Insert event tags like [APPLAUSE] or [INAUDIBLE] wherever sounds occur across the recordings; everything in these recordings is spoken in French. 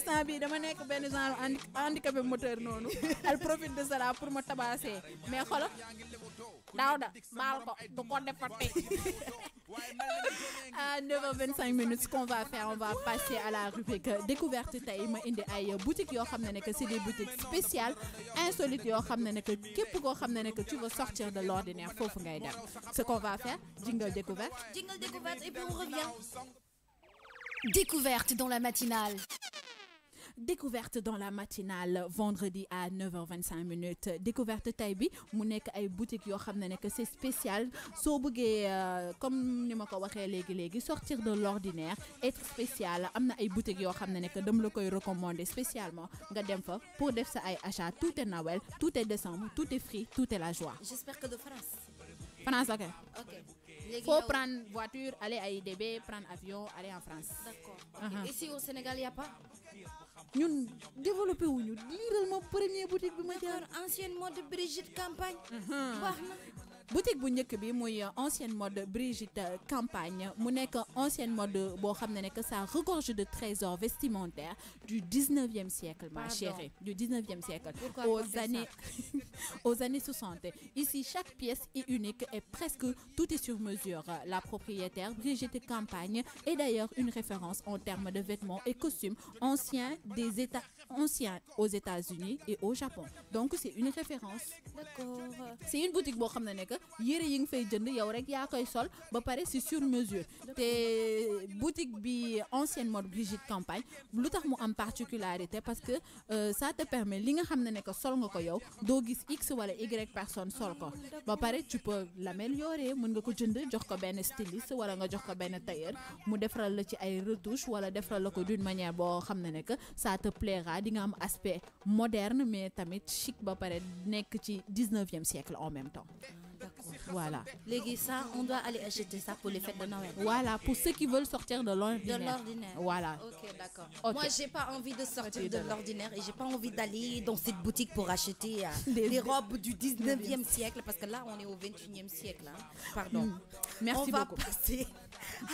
instant bii dama nekk benn genre moteur elle profite de cela pour me tabasser mais xolo daaw da baal ko du ko [LAUGHS] à 9h25 minutes ce qu'on va faire on va passer à la rubrique découverte tay ma indi ay boutiques yo xamné c'est des boutiques spéciales insolites yo xamné qui que képp ko xamné tu veux sortir de l'ordinaire fofu ngay ce qu'on va faire jingle découverte jingle découverte et puis on revient découverte dans la matinale découverte dans la matinale vendredi à 9h25 minutes découverte Taibi, bi ay boutiques yo xam que c'est spécial So bëggee euh, comme ni mako waxé légui légui, sortir de l'ordinaire être spécial Amna ay boutiques yo xam que dem la koy recommander spécialement nga dem fa pour def sa ay achat tout est Noël tout est décembre tout est free tout est la joie. j'espère que de France. France ok. ok. Il faut prendre voiture, aller à IDB, prendre avion, aller en France. D'accord. Uh-huh. Et Ici au Sénégal, il n'y a pas Nous développons, nous, la première boutique de matière. Ancienne mode de Brigitte Campagne. Uh-huh boutique bu njëkk ancienne mode Brigitte Campagne mu ancienne mode boo xam ça regorge de trésors vestimentaires du 19e siècle ma chérie du 19e siècle [LAUGHS] aux années aux années 60 ici chaque pièce est unique et presque tout est sur mesure la propriétaire Brigitte Campagne est d'ailleurs une référence en termes de vêtements et costumes anciens des États ancien aux États-Unis et au Japon donc c'est une référence. d'accord c'est une boutique boo xam ne nekk yére yi fay jënd yow rek yaa sol ba pareil c'est sur mesure Tes boutique bi ancienne mode Brigitte Campagne lu tax en particularité parce que euh, ça te permet li nga xam ne sol nga ko yow doo gis x wala y personne sol ko ba pareil tu peux l'améliorer mën nga ko jënd jox ko benn styliste wala nga jox ko benn tailleur mu defaral la ci ay retouches wala defaral la ko d'une manière boo xam ça te plaira dinga di am aspect moderne mais tamit chic ba pare nekk ci 19 neuvième siècle en même temps Voilà. Les ça, on doit aller acheter ça pour les fêtes de Noël. Voilà, pour ceux qui veulent sortir de l'ordinaire. De l'ordinaire. Voilà. Ok, d'accord. Moi, Moi, j'ai pas envie de sortir de l'ordinaire et j'ai pas envie d'aller dans cette boutique pour acheter euh, [LAUGHS] les robes du 19e siècle parce que là, on est au 21e siècle. Hein. Pardon. Mm. Merci beaucoup. On va passer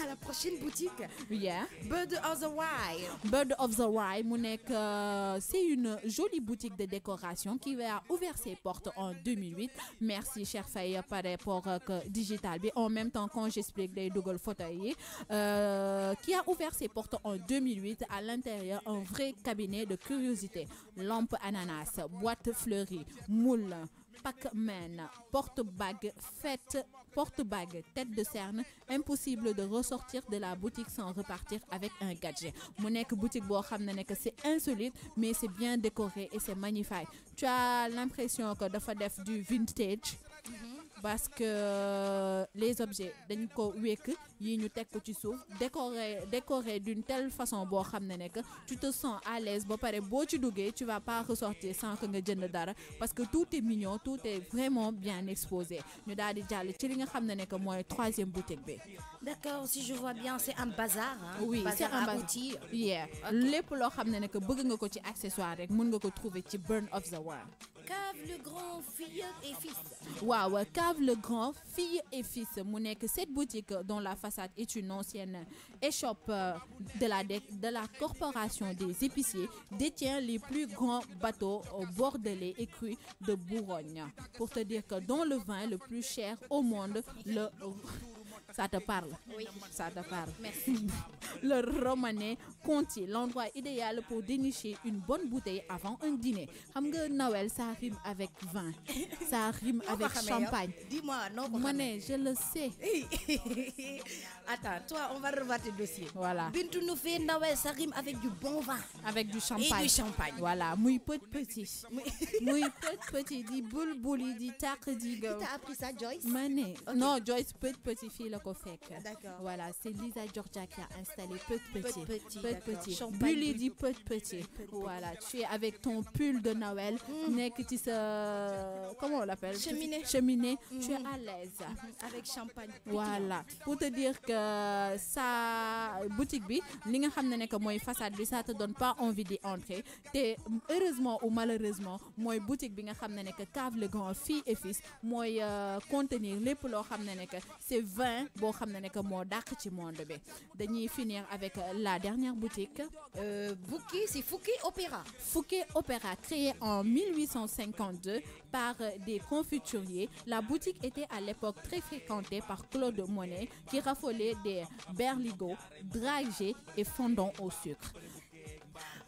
à la prochaine boutique. Yeah. Bird of the Wild. Bird of the Wild, Mounek, euh, c'est une jolie boutique de décoration qui a ouvert ses portes en 2008. Merci, cher Faye pour euh, digital mais en même temps quand j'explique les Google photo qui a ouvert ses portes en 2008 à l'intérieur un vrai cabinet de curiosité lampe ananas boîte fleurie moule Pac-Man, porte-bague, fête, porte-bague, tête de cerne, impossible de ressortir de la boutique sans repartir avec un gadget. Mon boutique c'est insolite, mais c'est bien décoré et c'est magnifique. Tu as l'impression que de faire du vintage parce que euh, les objets dañ ko wék yi ñu teg ko ci suuf décoré décoré d'une telle façon bo xamné nek tu te sens à l'aise bo paré bo ci duggee tu vas pas ressortir sans que nga jënd dara parce que tout est mignon tout est vraiment bien exposé ñu daal di jàll ci li nga xamné nek moy 3 troisième boutique bé d'accord si je vois bien c'est un bazar. Hein, oui c'est un bazar yeah lépp loo xam ne nekk bëgg nga ko ci accessoires rek mën nga ko trouver ci Burn of the World. Cave le Grand Fille et Fils. Waouh, Cave le Grand Fille et Fils Mounek, cette boutique dont la façade est une ancienne échoppe de la corporation des épiciers détient les plus grands bateaux bordelais et crus de Bourgogne pour te dire que dans le vin le plus cher au monde le ça te parle Oui. Ça te parle. Merci. [LAUGHS] le romanais Conti, l'endroit idéal pour dénicher une bonne bouteille avant un dîner. Hamge Noël, ça rime avec vin. Ça rime avec champagne. Dis-moi, non. Mané, je le sais. [LAUGHS] Attends, toi, on va revoir tes dossiers. Voilà. Bintou nous fait Noël, ça rime avec du bon vin. Avec du champagne. Et du champagne. Voilà. Mouille peu de petit. Mouy peu petit. Dit boule boule. dit tac, dit appris ça, Joyce Mané. Non, Joyce, peu de petit fille, ko voilà c'est Lisa Georgia qui a installé Petit Petit Petit Petit Bully dit Petit Petit voilà tu es avec ton pull de Noël mm. neck, tu se... comment on l'appelle cheminée cheminée tu es mm. à l'aise mm-hmm. avec champagne voilà pour te dire que sa boutique bi li nga xam ne nekk façade bi ça te donne pas envie d'y entrer et heureusement ou malheureusement moi boutique bi nga xam ne Cave le Grand fille et fils moi euh, contenir les poulots, c'est 20 Bon, je ne mo ci monde finir avec euh, la dernière boutique. Euh, c'est Fouki Opéra. Fouki Opéra créée en 1852 par des confituriers la boutique était à l'époque très fréquentée par Claude Monet qui raffolait des berligots dragés et fondants au sucre.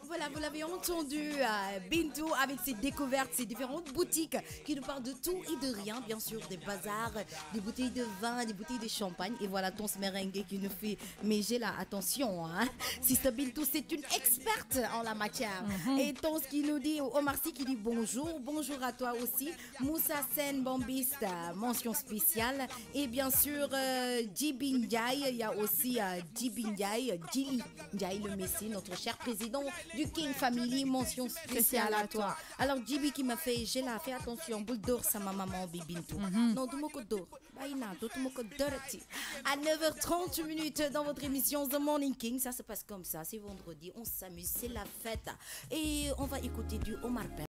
Voilà, vous l'avez entendu, euh, Bintou avec ses découvertes, ses différentes boutiques qui nous parlent de tout et de rien, bien sûr, des bazars, des bouteilles de vin, des bouteilles de champagne. Et voilà ton Merengue qui nous fait, mais j'ai là, attention, hein. Sister Bintou, c'est une ex en la matière. Mhm. et ton ce qu'il qui nous dit, Omar Sy qui dit bonjour, bonjour à toi aussi. Moussa Sen Bombiste, mention spéciale. Et bien sûr, euh, il y a aussi euh, Ndiaye, Djili Ndiaye le Messie, notre cher président du King Family, mention spéciale à toi. Alors Djibi qui m'a fait, j'ai la fait attention, boule d'or, ça ma maman, Bibintou. Mhm. tout À 9h30 minutes dans votre émission The Morning King, ça se passe comme ça, c'est vendredi, on s'amuse c'est la fête. Et on va écouter du Omar Père.